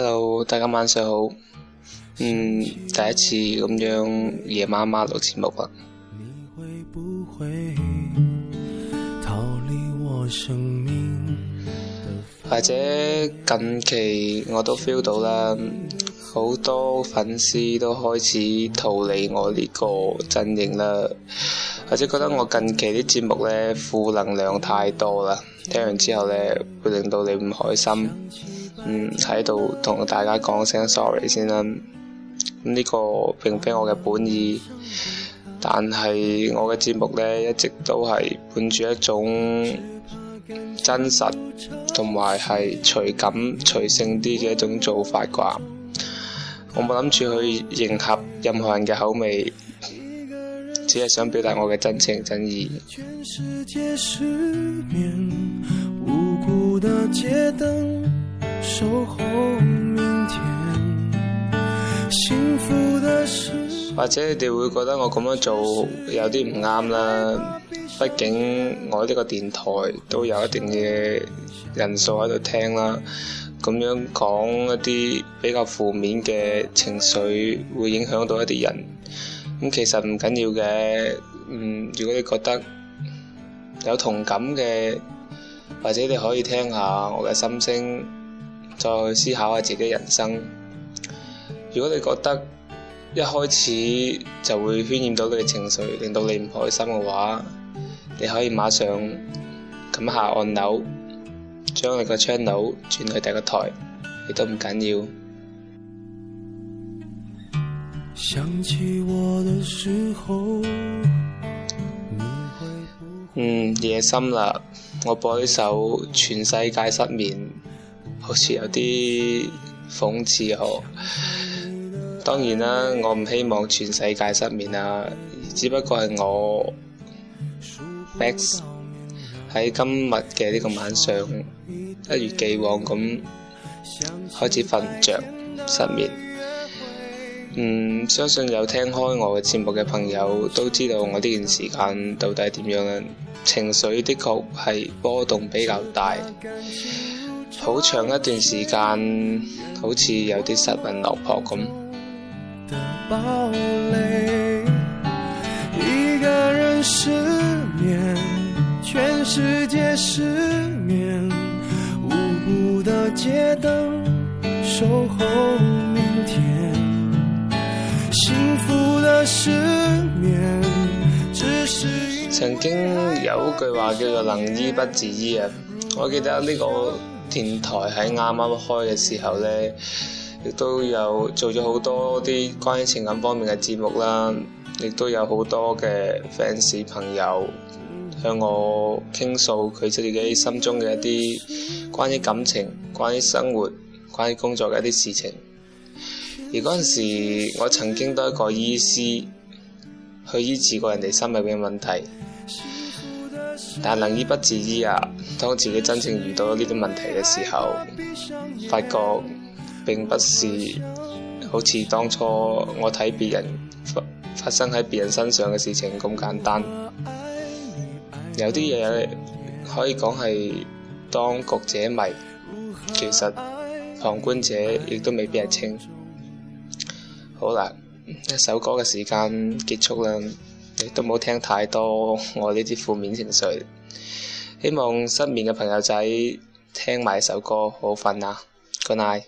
hello，大家晚上好。嗯，第一次咁樣夜媽媽錄節目啦。或者近期我都 feel 到啦，好多粉絲都開始逃離我呢個陣營啦。或者覺得我近期啲節目咧，負能量太多啦，聽完之後咧會令到你唔開心。嗯，喺度同大家講聲 sorry 先啦。呢個並非我嘅本意，但係我嘅節目咧一直都係本住一種真實同埋係隨感隨性啲嘅一種做法啩。我冇諗住去迎合任何人嘅口味，只係想表達我嘅真情真意。全世界或者你哋會覺得我咁樣做有啲唔啱啦，畢竟我呢個電台都有一定嘅人數喺度聽啦。咁樣講一啲比較負面嘅情緒，會影響到一啲人。咁、嗯、其實唔緊要嘅，嗯，如果你覺得有同感嘅，或者你可以聽下我嘅心聲。再思考下自己人生。如果你覺得一開始就會渲染到你嘅情緒，令到你唔開心嘅話，你可以馬上撳下按鈕，將你個 channel 轉去第個台，你都唔緊要。想起我嘅時候，嗯，夜深啦，我播呢首《全世界失眠》。好似有啲諷刺哦。當然啦，我唔希望全世界失眠啊，只不過係我，Max 喺今日嘅呢個晚上一如既往咁開始瞓唔着失眠。嗯，相信有聽開我嘅節目嘅朋友都知道我呢段時間到底係點樣啦。情緒的確係波動比較大。好長一段時間，好似有啲失魂落魄咁。嗯、曾經有句話叫做“能醫不自醫”啊，我記得呢個。電台喺啱啱開嘅時候呢，亦都有做咗好多啲關於情感方面嘅節目啦，亦都有好多嘅 fans 朋友向我傾訴佢自己心中嘅一啲關於感情、關於生活、關於工作嘅一啲事情。而嗰陣時，我曾經都係一個醫師去醫治過人哋心入面嘅問題。但能醫不自醫啊！當自己真正遇到呢啲問題嘅時候，發覺並不是好似當初我睇別人發生喺別人身上嘅事情咁簡單。有啲嘢可以講係當局者迷，其實旁觀者亦都未必係清。好啦，一首歌嘅時間結束啦。都冇聽太多我呢啲負面情緒，希望失眠嘅朋友仔聽埋首歌好瞓啊！Good night。